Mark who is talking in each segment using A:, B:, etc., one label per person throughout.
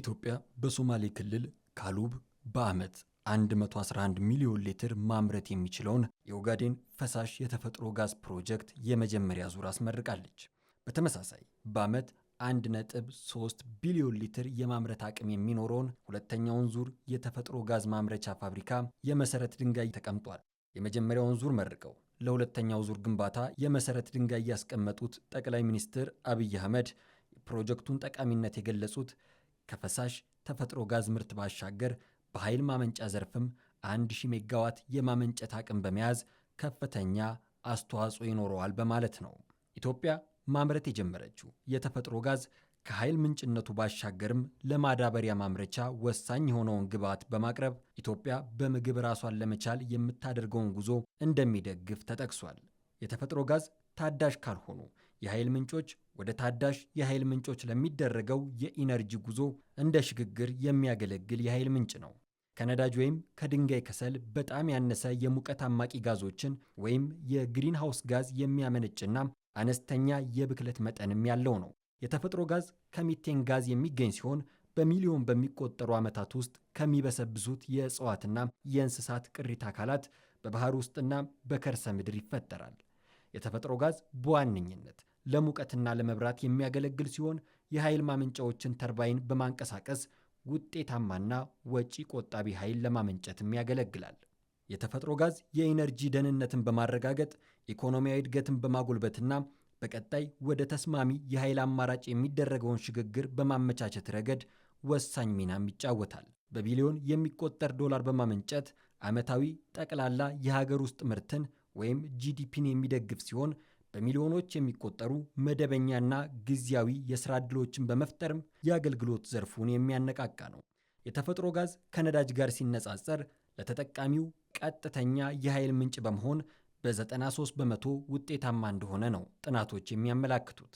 A: ኢትዮጵያ በሶማሌ ክልል ካሉብ በዓመት 111 ሚሊዮን ሊትር ማምረት የሚችለውን የኦጋዴን ፈሳሽ የተፈጥሮ ጋዝ ፕሮጀክት የመጀመሪያ ዙር አስመርቃለች። በተመሳሳይ በዓመት 1.3 ቢሊዮን ሊትር የማምረት አቅም የሚኖረውን ሁለተኛውን ዙር የተፈጥሮ ጋዝ ማምረቻ ፋብሪካ የመሰረት ድንጋይ ተቀምጧል። የመጀመሪያውን ዙር መርቀው ለሁለተኛው ዙር ግንባታ የመሰረት ድንጋይ ያስቀመጡት ጠቅላይ ሚኒስትር አብይ አህመድ የፕሮጀክቱን ጠቃሚነት የገለጹት ከፈሳሽ ተፈጥሮ ጋዝ ምርት ባሻገር በኃይል ማመንጫ ዘርፍም 1000 ሜጋዋት የማመንጨት አቅም በመያዝ ከፍተኛ አስተዋጽኦ ይኖረዋል በማለት ነው። ኢትዮጵያ ማምረት የጀመረችው የተፈጥሮ ጋዝ ከኃይል ምንጭነቱ ባሻገርም ለማዳበሪያ ማምረቻ ወሳኝ የሆነውን ግብዓት በማቅረብ ኢትዮጵያ በምግብ ራሷን ለመቻል የምታደርገውን ጉዞ እንደሚደግፍ ተጠቅሷል። የተፈጥሮ ጋዝ ታዳሽ ካልሆኑ የኃይል ምንጮች ወደ ታዳሽ የኃይል ምንጮች ለሚደረገው የኢነርጂ ጉዞ እንደ ሽግግር የሚያገለግል የኃይል ምንጭ ነው። ከነዳጅ ወይም ከድንጋይ ከሰል በጣም ያነሰ የሙቀት አማቂ ጋዞችን ወይም የግሪንሃውስ ጋዝ የሚያመነጭና አነስተኛ የብክለት መጠንም ያለው ነው። የተፈጥሮ ጋዝ ከሚቴን ጋዝ የሚገኝ ሲሆን በሚሊዮን በሚቆጠሩ ዓመታት ውስጥ ከሚበሰብሱት የእጽዋትና የእንስሳት ቅሪት አካላት በባህር ውስጥና በከርሰ ምድር ይፈጠራል። የተፈጥሮ ጋዝ በዋነኝነት ለሙቀትና ለመብራት የሚያገለግል ሲሆን የኃይል ማመንጫዎችን ተርባይን በማንቀሳቀስ ውጤታማና ወጪ ቆጣቢ ኃይል ለማመንጨትም ያገለግላል። የተፈጥሮ ጋዝ የኢነርጂ ደህንነትን በማረጋገጥ ኢኮኖሚያዊ እድገትን በማጎልበትና በቀጣይ ወደ ተስማሚ የኃይል አማራጭ የሚደረገውን ሽግግር በማመቻቸት ረገድ ወሳኝ ሚናም ይጫወታል። በቢሊዮን የሚቆጠር ዶላር በማመንጨት ዓመታዊ ጠቅላላ የሀገር ውስጥ ምርትን ወይም ጂዲፒን የሚደግፍ ሲሆን በሚሊዮኖች የሚቆጠሩ መደበኛና ጊዜያዊ የሥራ ዕድሎችን በመፍጠርም የአገልግሎት ዘርፉን የሚያነቃቃ ነው። የተፈጥሮ ጋዝ ከነዳጅ ጋር ሲነጻጸር ለተጠቃሚው ቀጥተኛ የኃይል ምንጭ በመሆን በ93 በመቶ ውጤታማ እንደሆነ ነው ጥናቶች የሚያመላክቱት።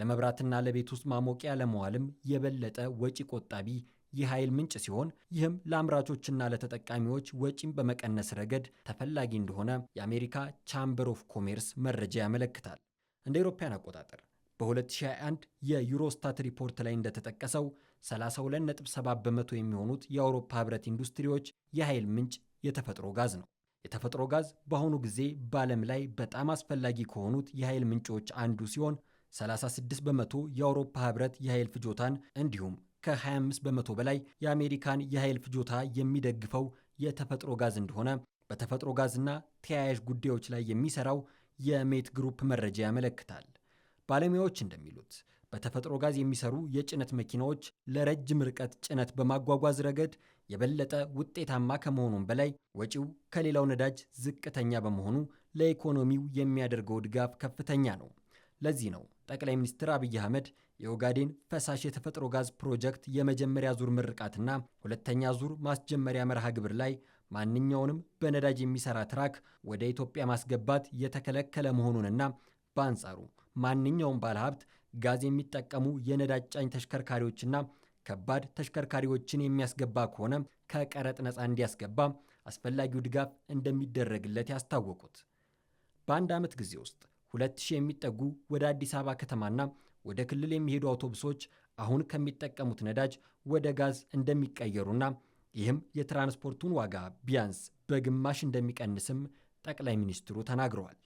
A: ለመብራትና ለቤት ውስጥ ማሞቂያ ለመዋልም የበለጠ ወጪ ቆጣቢ የኃይል ምንጭ ሲሆን ይህም ለአምራቾችና ለተጠቃሚዎች ወጪን በመቀነስ ረገድ ተፈላጊ እንደሆነ የአሜሪካ ቻምበር ኦፍ ኮሜርስ መረጃ ያመለክታል። እንደ አውሮፓውያን አቆጣጠር በ2021 የዩሮስታት ሪፖርት ላይ እንደተጠቀሰው 32.7 በመቶ የሚሆኑት የአውሮፓ ህብረት ኢንዱስትሪዎች የኃይል ምንጭ የተፈጥሮ ጋዝ ነው። የተፈጥሮ ጋዝ በአሁኑ ጊዜ በዓለም ላይ በጣም አስፈላጊ ከሆኑት የኃይል ምንጮች አንዱ ሲሆን 36 በመቶ የአውሮፓ ህብረት የኃይል ፍጆታን እንዲሁም ከ25 በመቶ በላይ የአሜሪካን የኃይል ፍጆታ የሚደግፈው የተፈጥሮ ጋዝ እንደሆነ በተፈጥሮ ጋዝና ተያያዥ ጉዳዮች ላይ የሚሰራው የሜት ግሩፕ መረጃ ያመለክታል። ባለሙያዎች እንደሚሉት በተፈጥሮ ጋዝ የሚሰሩ የጭነት መኪናዎች ለረጅም ርቀት ጭነት በማጓጓዝ ረገድ የበለጠ ውጤታማ ከመሆኑም በላይ ወጪው ከሌላው ነዳጅ ዝቅተኛ በመሆኑ ለኢኮኖሚው የሚያደርገው ድጋፍ ከፍተኛ ነው። ለዚህ ነው ጠቅላይ ሚኒስትር አብይ አህመድ የኦጋዴን ፈሳሽ የተፈጥሮ ጋዝ ፕሮጀክት የመጀመሪያ ዙር ምርቃትና ሁለተኛ ዙር ማስጀመሪያ መርሃ ግብር ላይ ማንኛውንም በነዳጅ የሚሰራ ትራክ ወደ ኢትዮጵያ ማስገባት የተከለከለ መሆኑንና በአንጻሩ ማንኛውም ባለሀብት ጋዝ የሚጠቀሙ የነዳጅ ጫኝ ተሽከርካሪዎችና ከባድ ተሽከርካሪዎችን የሚያስገባ ከሆነ ከቀረጥ ነፃ እንዲያስገባ አስፈላጊው ድጋፍ እንደሚደረግለት ያስታወቁት በአንድ ዓመት ጊዜ ውስጥ ሁለት ሺህ የሚጠጉ ወደ አዲስ አበባ ከተማና ወደ ክልል የሚሄዱ አውቶቡሶች አሁን ከሚጠቀሙት ነዳጅ ወደ ጋዝ እንደሚቀየሩና ይህም የትራንስፖርቱን ዋጋ ቢያንስ በግማሽ እንደሚቀንስም ጠቅላይ ሚኒስትሩ ተናግረዋል።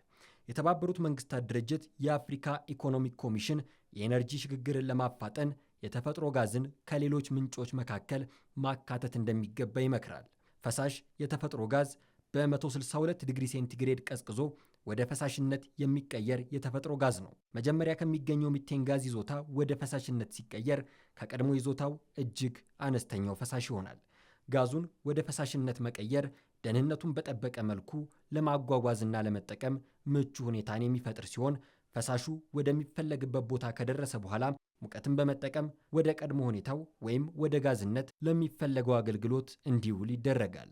A: የተባበሩት መንግስታት ድርጅት የአፍሪካ ኢኮኖሚክ ኮሚሽን የኤነርጂ ሽግግርን ለማፋጠን የተፈጥሮ ጋዝን ከሌሎች ምንጮች መካከል ማካተት እንደሚገባ ይመክራል። ፈሳሽ የተፈጥሮ ጋዝ በ162 ዲግሪ ሴንቲግሬድ ቀዝቅዞ ወደ ፈሳሽነት የሚቀየር የተፈጥሮ ጋዝ ነው። መጀመሪያ ከሚገኘው ሚቴን ጋዝ ይዞታ ወደ ፈሳሽነት ሲቀየር ከቀድሞ ይዞታው እጅግ አነስተኛው ፈሳሽ ይሆናል። ጋዙን ወደ ፈሳሽነት መቀየር ደህንነቱን በጠበቀ መልኩ ለማጓጓዝና ለመጠቀም ምቹ ሁኔታን የሚፈጥር ሲሆን ፈሳሹ ወደሚፈለግበት ቦታ ከደረሰ በኋላ ሙቀትን በመጠቀም ወደ ቀድሞ ሁኔታው ወይም ወደ ጋዝነት ለሚፈለገው አገልግሎት እንዲውል ይደረጋል።